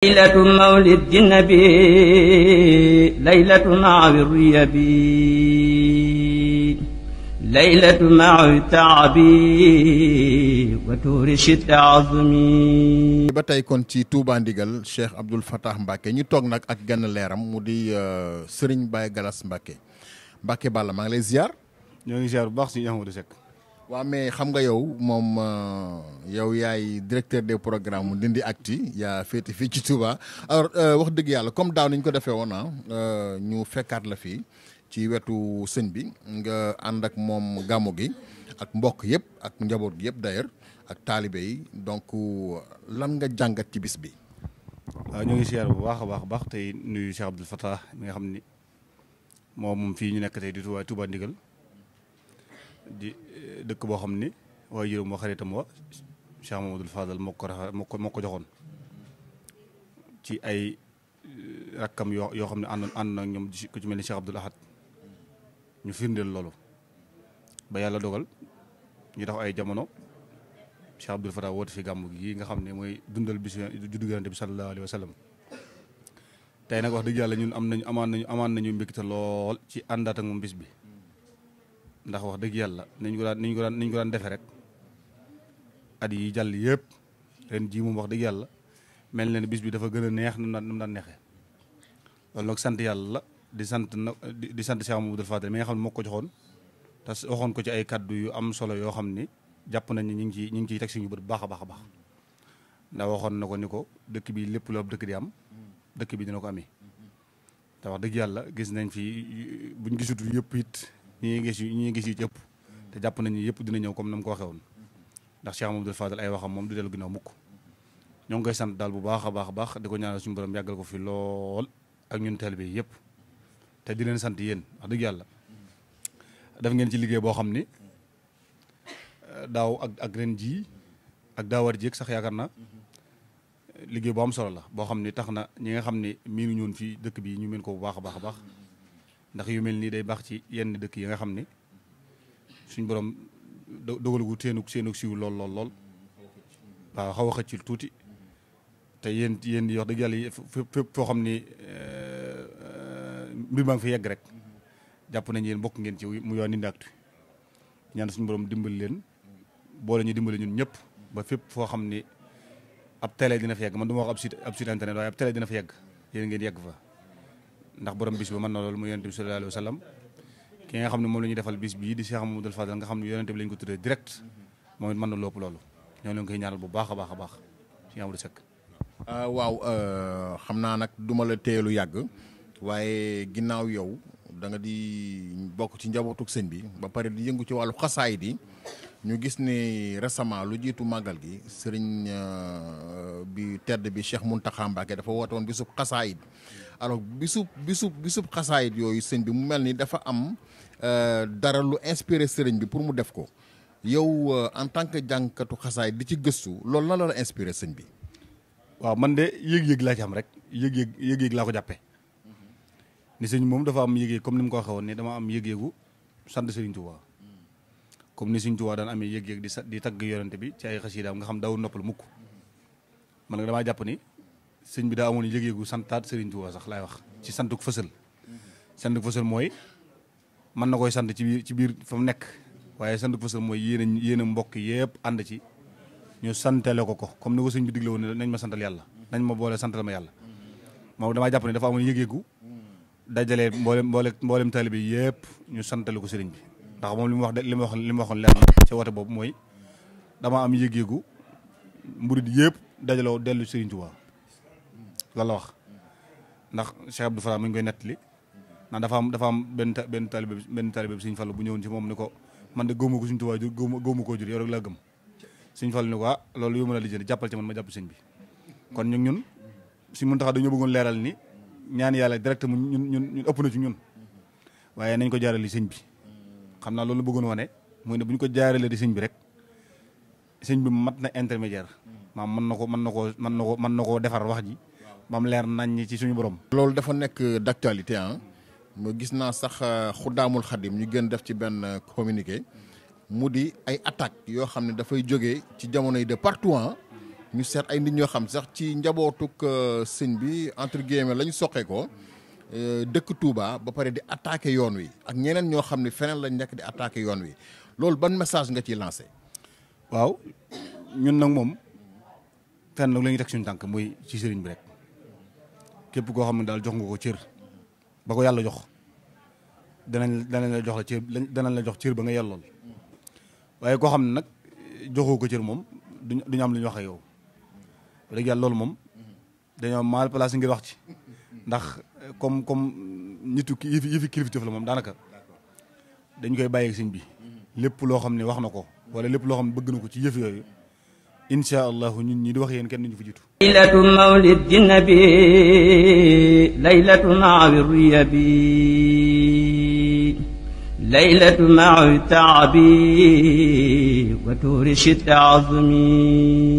laylatu mawlid di nabi laylatu maawi ruya bi laylatu maawi taabi wa tuuri shita azumi ba tey kon ci Touba Ndigal Cheikh Abdoul Fattah Mbacke ñu toog nag ak genn leeram mu di euh, Serigne Baye Galas Mbacke Mbacke Balla maa ngi lay ziar. ñoo ngi ziar bu baax si Ahmadou Seck waa mais xam nga yow moom euh, yow yaay directeur des programme Ndindy Actu yaa féete fii ci Touba alors euh, wax dëgg yàlla comme daaw ni ñu ko defee woon ah euh, ñu fekkaat la fii ci wetu sëñ bi nga ànd ak moom gàmmu gi ak mbokk yëpp ak njaboot gi yëpp d'ailleurs ak taalibe yi donc lan nga jàngat ci bis bi. waaw ah, ñu ngi siyaar bu baax a baax baax tey nuyu Cheikh Abdoul Fattah mi nga xam ni moom moom fii ñu nekk tey di Touba Touba Ndigal. di eh, dëkk boo xam ni waaye juróom wa xaritam wa Cheikh Mamadou Fadal moo ko moo ko moo ko joxoon ci ay eh, rakkam yoo yoo xam ne àndoon ànd na ñoom ku ci mel ni Cheikh Abdoul Ahad ñu firndeel loolu ba yàlla dogal ñu tax ay jamono Cheikh Abdoul Fatah woote fi gàmmu gi nga xam ne mooy dundal bisu juddu Yonent bi sallallahu alayhi wa sallam tey nag wax dëgg yàlla ñun am nañu amaan nañu amaan nañu mbégte lool ci àndaat ak moom bis bi ndax wax dëgg yàlla nañ ko daan nañ ko daan nañ ko daan defee rek at yi jàll yëpp ren jii wax dëgg yàlla mel na ne bis bi dafa gën a neex nu mu daan nu mu neexee loolu nag sant yàlla di sant na di sant Cheikh Mamadou Fadel mi nga xam moo ko joxoon te waxoon ko ci ay kaddu yu am solo yoo xam ni jàpp nañ ne ñu ngi ciy ñu ngi ciy teg suñu bët baax baax baax ndax waxoon na ko ni ko dëkk bi lépp loo dëkk di am dëkk bi dina ko amee dëgg yàlla gis nañ fi buñ gisutu yëpp it. ñu gis yu ñi gis yu ci ëpp te jàpp nañu yëpp dina ñëw comme na mu ko waxee woon ndax Cheikh Mamadou Fadal ay waxam moom du dellu ginnaaw mukk ñoo ngi koy sant daal bu baax a baax a baax di ko ñaanal suñu borom yàggal ko fi lool ak ñun teel bi yëpp te di leen sant yéen wax dëgg yàlla def ngeen ci liggéey boo xam ni daaw ak ak jii ak daawar jéeg sax yaakaar na liggéey boo am solo la boo xam ni tax na ñi nga xam ne miinu ñoon fii dëkk bi ñu mën ko bu baax a baax a baax ndax yu mel nii day baax ci yenn dëkk yi nga xam ni suñ borom dogalugu teenuk seenuk siiw lool lool lool waaw xaw a xëcc ci tuuti te yéen yéen wax dëgg yàlla fépp foo xam ni euh, euh, mbir maa fi yegg rek jàpp nañ yéen bokk ngeen ci mu yoon Daaktu ñaan suñ borom dimbali leen boole ñu dimbali ñun ñëpp ba fépp foo xam ni ab télé dina fa yegg man ma wax ab site ab site internet waaye ab dina fa yegg yéen ngeen yegg fa ndax borom bis bi mën na loolu mu yonente bi sallallahu alayhi wa sallam ki nga xam ne moom la ñuy defal bis bii di Cheikh Mamadou Fadal nga xam ne yonente bi la ñu ko direct moom it mën na lopp loolu ñoo leen koy ñaanal bu baax a baax a baax Cheikh Amadou Seck ah, waaw euh, xam naa nag duma la teelu yàgg waaye ginnaaw yow da nga di bokk ci njabootuk sëñ bi ba pare di yëngu ci wàllu xasaay di ñu gis ni récemment lu jiitu màggal gi sëriñ euh, bi tedd bi Cheikh Mountakha Mbacké dafa woote woon bisub xasaayit alors bisub bisub bisub xasaayit yooyu sëñ bi mu mel ni dafa am euh, dara lu inspiré sëriñ bi pour mu def ko yow euh, en tant que jànkatu xasaayit di ci gëstu lool la la inspiré sëñ bi. waaw man de yëg-yëg laa ci am rek yëg-yëg yëg laa ko jàppee mhm. ni sëñ moom dafa am yëg-yëg comme ko waxee woon ni am yëg-yëgu sant sëriñ Tuubaa comme ni suñ Tuubaa daan amee yëg-yëg di tagg yonent bi ci ay xasiidaam nga xam daawul noppal mukk man nga damaa jàpp ni sëñ bi daa amoon yëg-yëgu santaat Sëriñ Tuubaa sax laay ci santuk fësal santuk fësal mooy mën na koy sant ci biir ci biir fa nekk waaye santuk fësal mooy yéen a yéen mbokk yëpp ànd ci ñu santale ko ko comme ni ko bi digle woon nañ ma santal yàlla nañ ma boole santal ma yàlla moom damaa jàpp ne dafa amoon yëg-yëgu dajalee mboolem mboolem mboolem taalibe ñu santale ko sëriñ bi ndax moom li mu wax de li ma wax li ma waxoon leer na ci woote boobu mooy dama am yëg-yëgu murid yëpp dajaloo dellu Serigne Touba loolu la wax ndax Cheikh Abdou Farah mi ngi koy nettali na dafa am dafa am benn benn taalibe benn taalibe bi Serigne Fallou bu ñëwoon ci moom ni ko man de gëmuma ko Serigne Touba jur gëmuma koo jur yow rek laa gëm Serigne Fallou ni ko ah loolu yow mën a lijjanti jàppal ci man ma jàpp Serigne bi kon ñu ñun si mun taxaw dañoo bëggoon leeral ni ñaan yàlla direct mu ñun ñun ëpp na ci ñun waaye nañ ko jaarali Serigne bi xam naa loolu bëggoon wane muy ne bu ñu ko jaarale di sëñ bi rek sëñ bi mat na intermédiaire maam mën na ko mën na koo mën na ko mën na koo defar wax ji maam leer nañ ci suñu borom loolu dafa nekk d'actualité ah ma gis naa sax xu euh, xuddaamul xadim ñu gën def ci benn euh, communiqué mu di ay attaque yoo xam ne dafay jóge ci jamono yi de partout ah. ñu seet ay nit ñoo xam sax ci njabootuk euh, sëñ bi entre guillemets lañu soqee ko Euh, dëkk Touba ba pare di attaquer yoon wi ak ñeneen ñoo xam ne feneen lañ nekk di attaquer yoon wi loolu ban message nga ciy lancé. waaw ñun nag moom fenn la ñuy teg suñu tànk mooy ci sëriñ bi rek képp koo xam ne daal jox nga ko cër ba ko yàlla jox danañ danañ la jox la cër danañ la jox cër ba nga yellool waaye koo xam ne nag joxoo ko cër moom duñ duñ am lu ñu wax yow. léegi yàlla loolu moom dañoo mal place ngir wax ci ndax. comme comme nitu ki yëfi kilifteef la moom daanaka dañ koy bàyyi sëñ bi lépp loo xam ne wax na ko wala lépp loo xam ne bëgg na ko ci yëf yooyu incha allahu ñi di wax yéen kenn duñu fa jiitu laylatu mawlid di nabi ta maawi riyabi laylatu maawi taabi